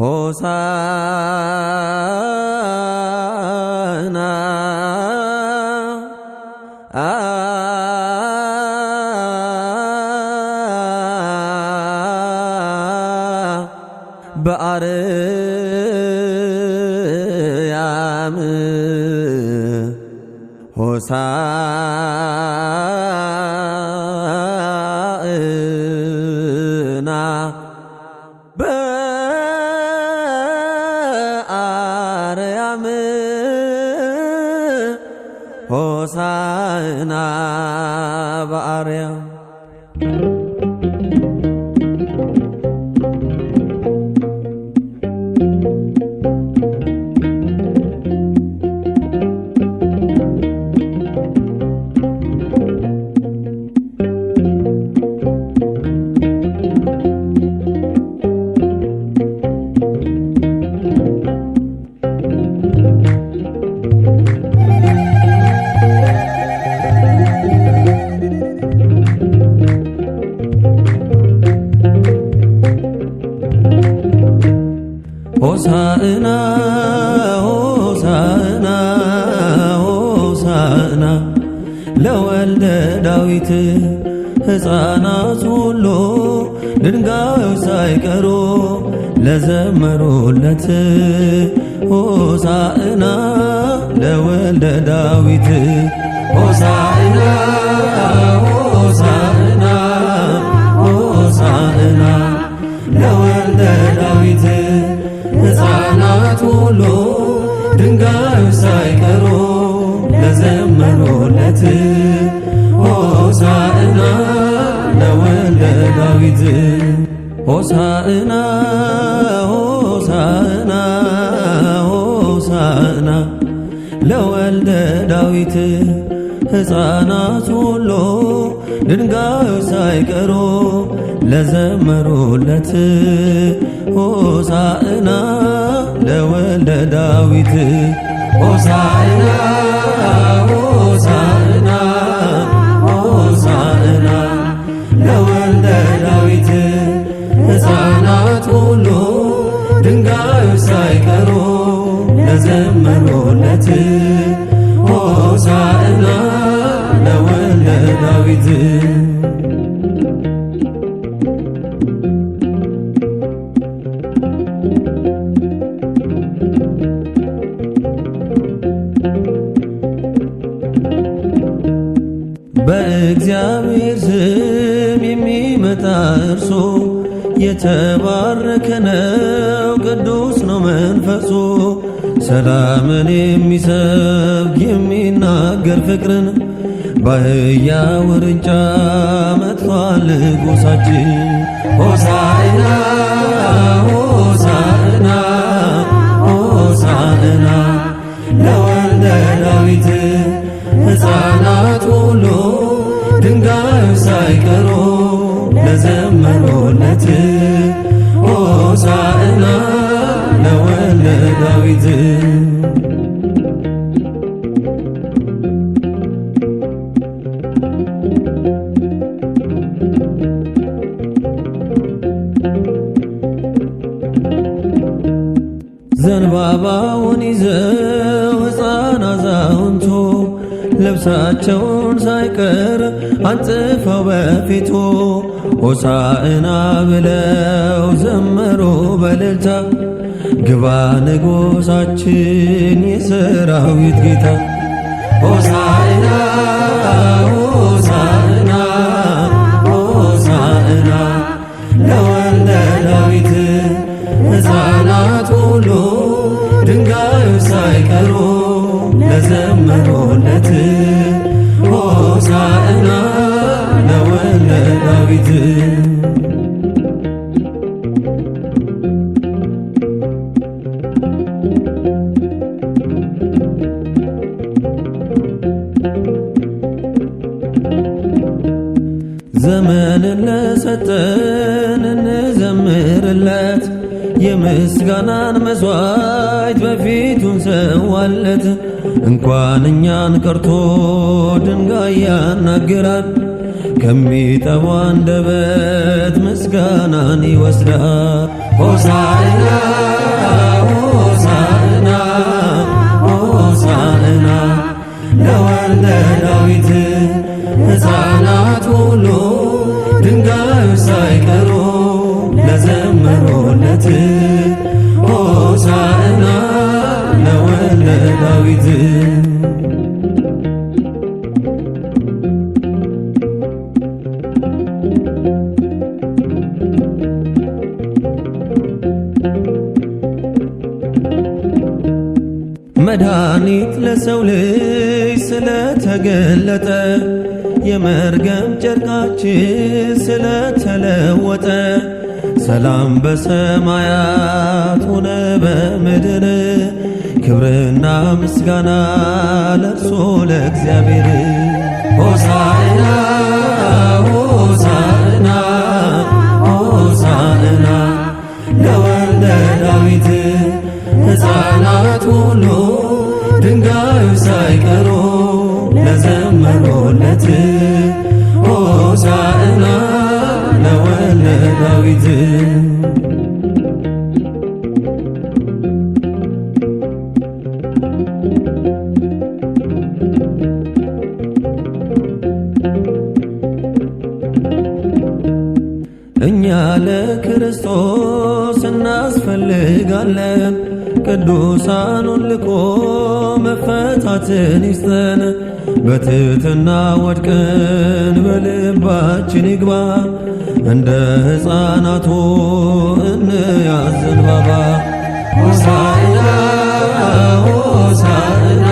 ሆሳና በአርያም ሁሉ ድንጋዩ ሳይቀሩ ለዘመኑለት ሆሳዕና ለወልደ ዳዊት ሆሳዕና ሆሳዕና ሆሳዕና ለወልደ ዳዊት ሕፃናት ሁሉ ድንጋዩ ሳይቀሩ ለዘመሩለት ሆሳዕና ለወልደ ዳዊት ሆሳዕና ሆሳዕና ሆሳዕና ለወልደ ዳዊት ሕፃናት ሁሉ ድንጋዩ ሳይቀሩ ለዘመኑለት ሆሳዕና ለወልደ ዳዊት በያ ውርንጫ መጥቷል ጎሳችን ሆሳዕና ሆሳዕና ሆሳዕና ለወልደ ዳዊት ሕፃናት ሁሉ ድንጋይ ሳይቀሩ ለዘመሩለት ሆሳዕና ለወልደ ዳዊት ነፍሳቸውን ሳይቀር አንጽፈው በፊቱ ሆሳዕና ብለው ዘመሩ በልልታ ግባ ንጉሳችን የሰራዊት ጌታ ከሚጠቡ አንደበት ምስጋናን ይወስዳል። ሆሳዕና ሆሳዕና ሆሳዕና ለወልደ ዳዊት ሕፃናት ሁሉ ድንጋዩ ሳይቀሩ ለዘመሩለት ሆሳዕና ለወልደ ዳዊት መድኃኒት ለሰው ልጅ ስለተገለጠ የመርገም ጨርቃችን ስለተለወጠ ሰላም በሰማያት ሆነ በምድር ክብርና ምስጋና ለእርሶ ለእግዚአብሔር። ሆሳዕና ሆሳዕና ሆሳዕና ለወልደ ዳዊት ሕፃናት ሁሉ ለፈጠሮ ለዘመሮለት ሆሳዕና ለወልደ ዳዊት እኛ ለክርስቶስ እናስፈልጋለን ቅዱሳኑን ልኮ መፈታትን ይስጠን። በትሕትና ወድቀን በልባችን ይግባ እንደ ሕፃናቱ እንያዝን ባባ ሆሳዕና ሆሳዕና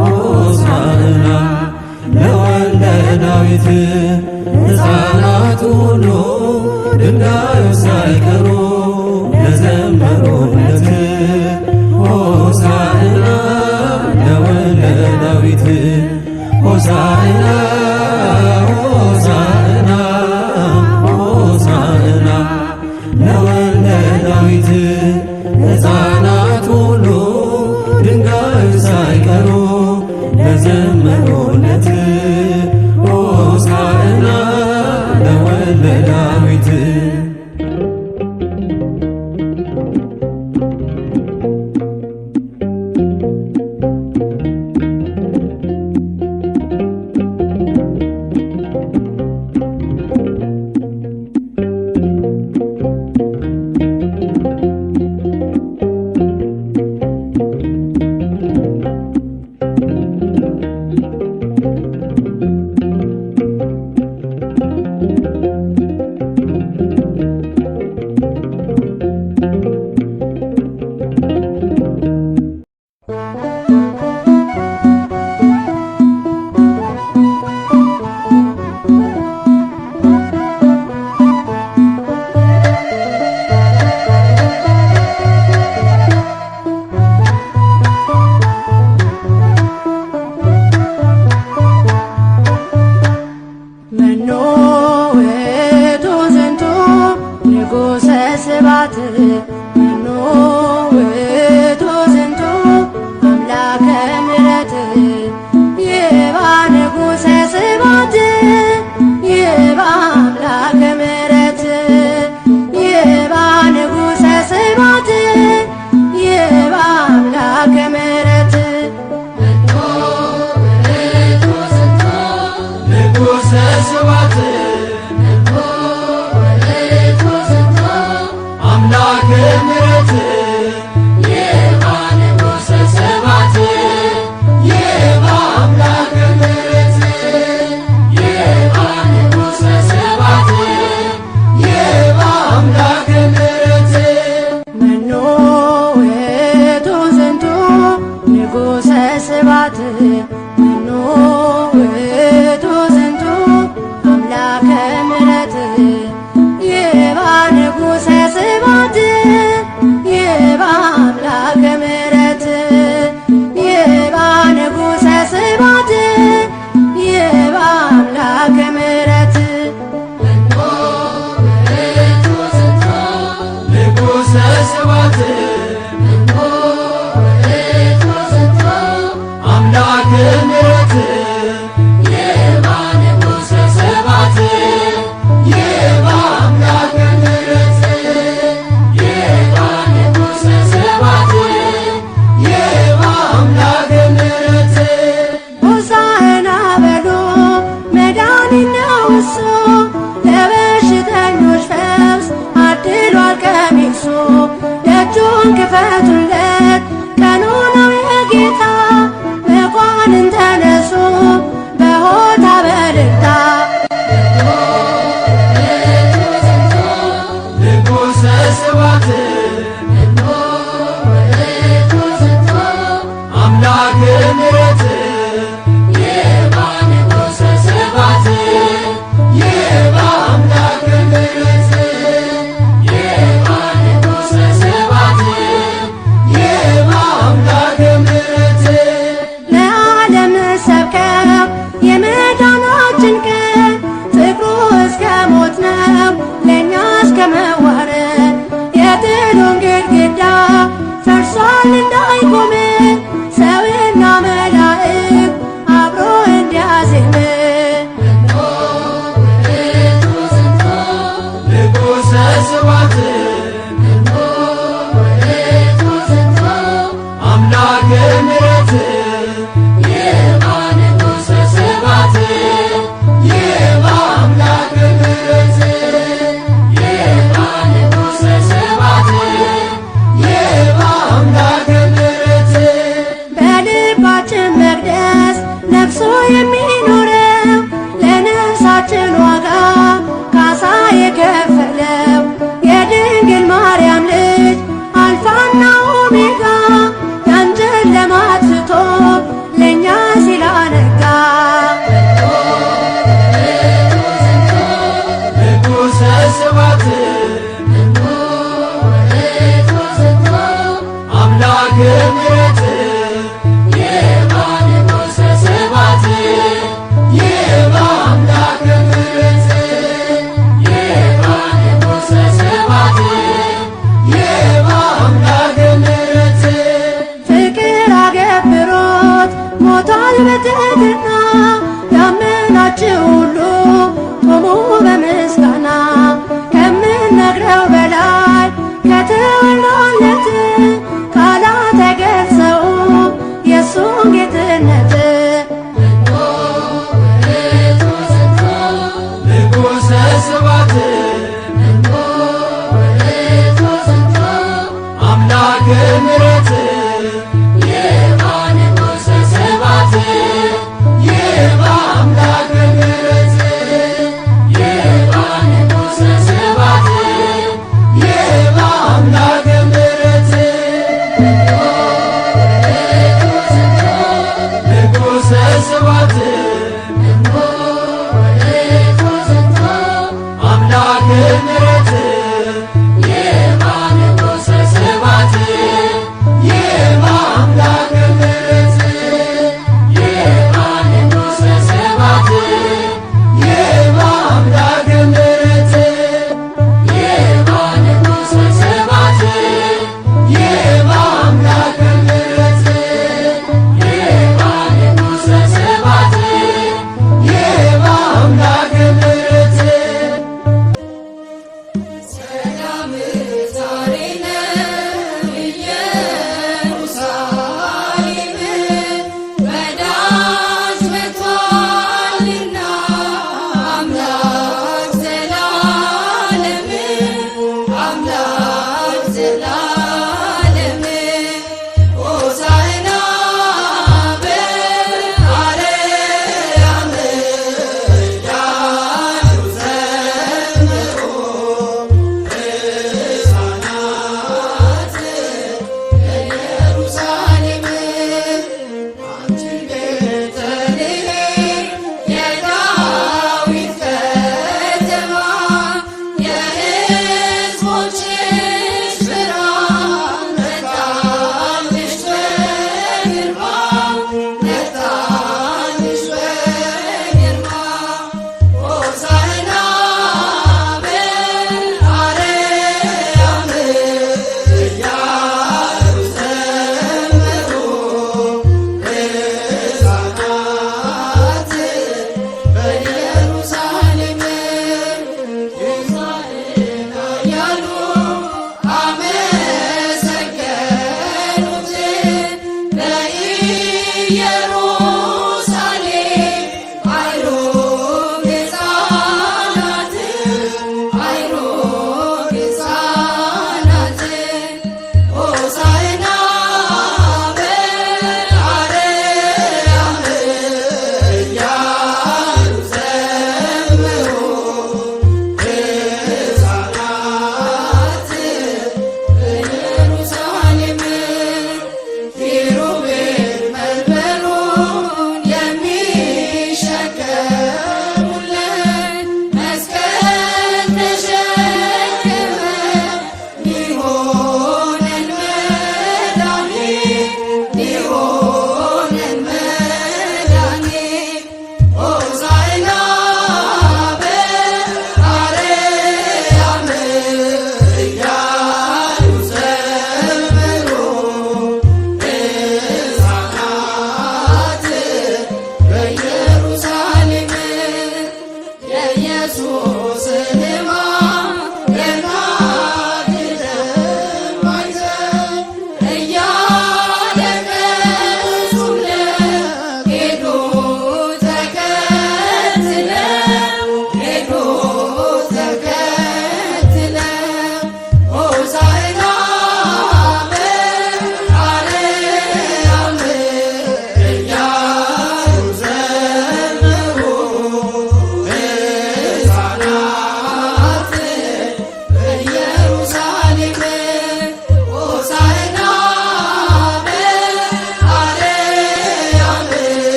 ሆሳዕና ለወልደ ዳዊት ሕፃናቱ ሁሉ ድንጋዩ ሳይቀሩ ለዘመሩ ሆሳዕና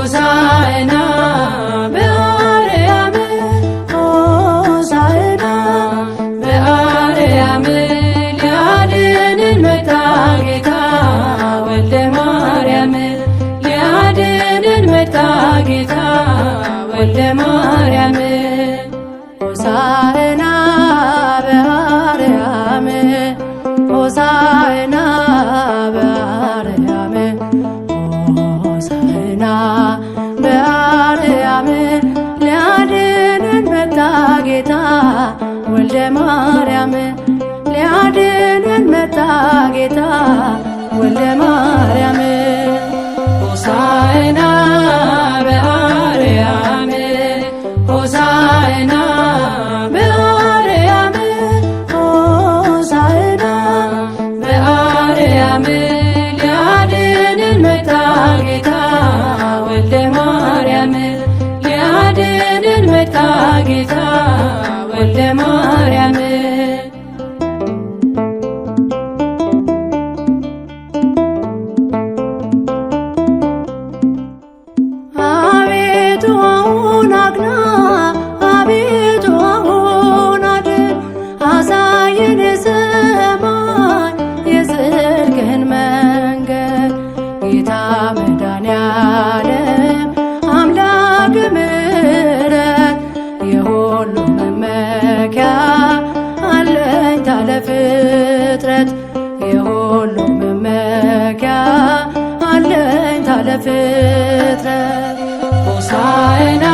Rosa. Agatha. ፍጥረት ሆሳዕና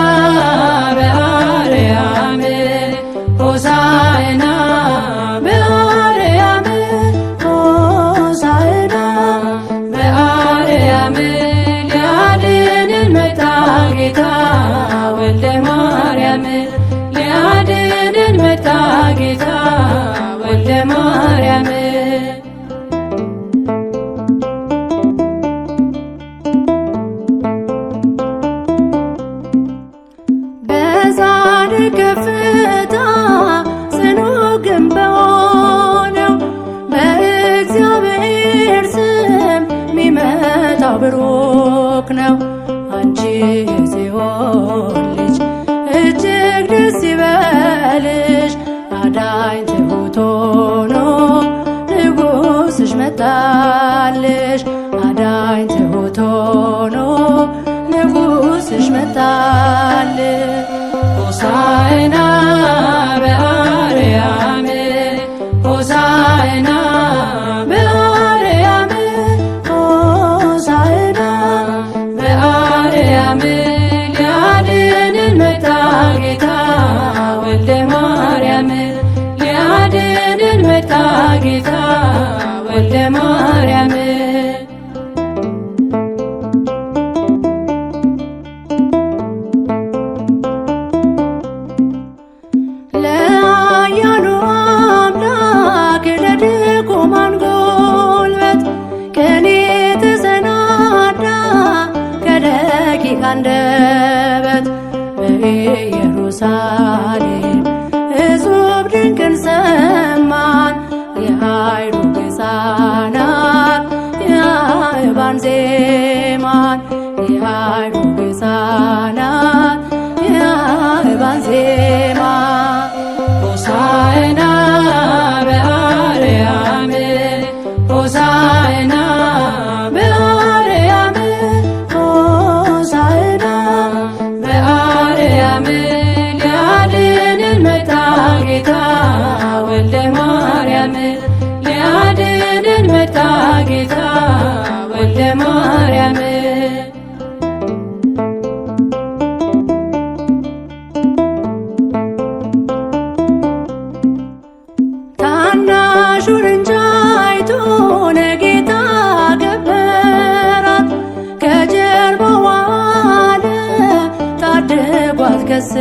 under ሹርንጃይቱን ጌታ ገበራት ከጀርባዋ ዋለ ታድጓት ከስ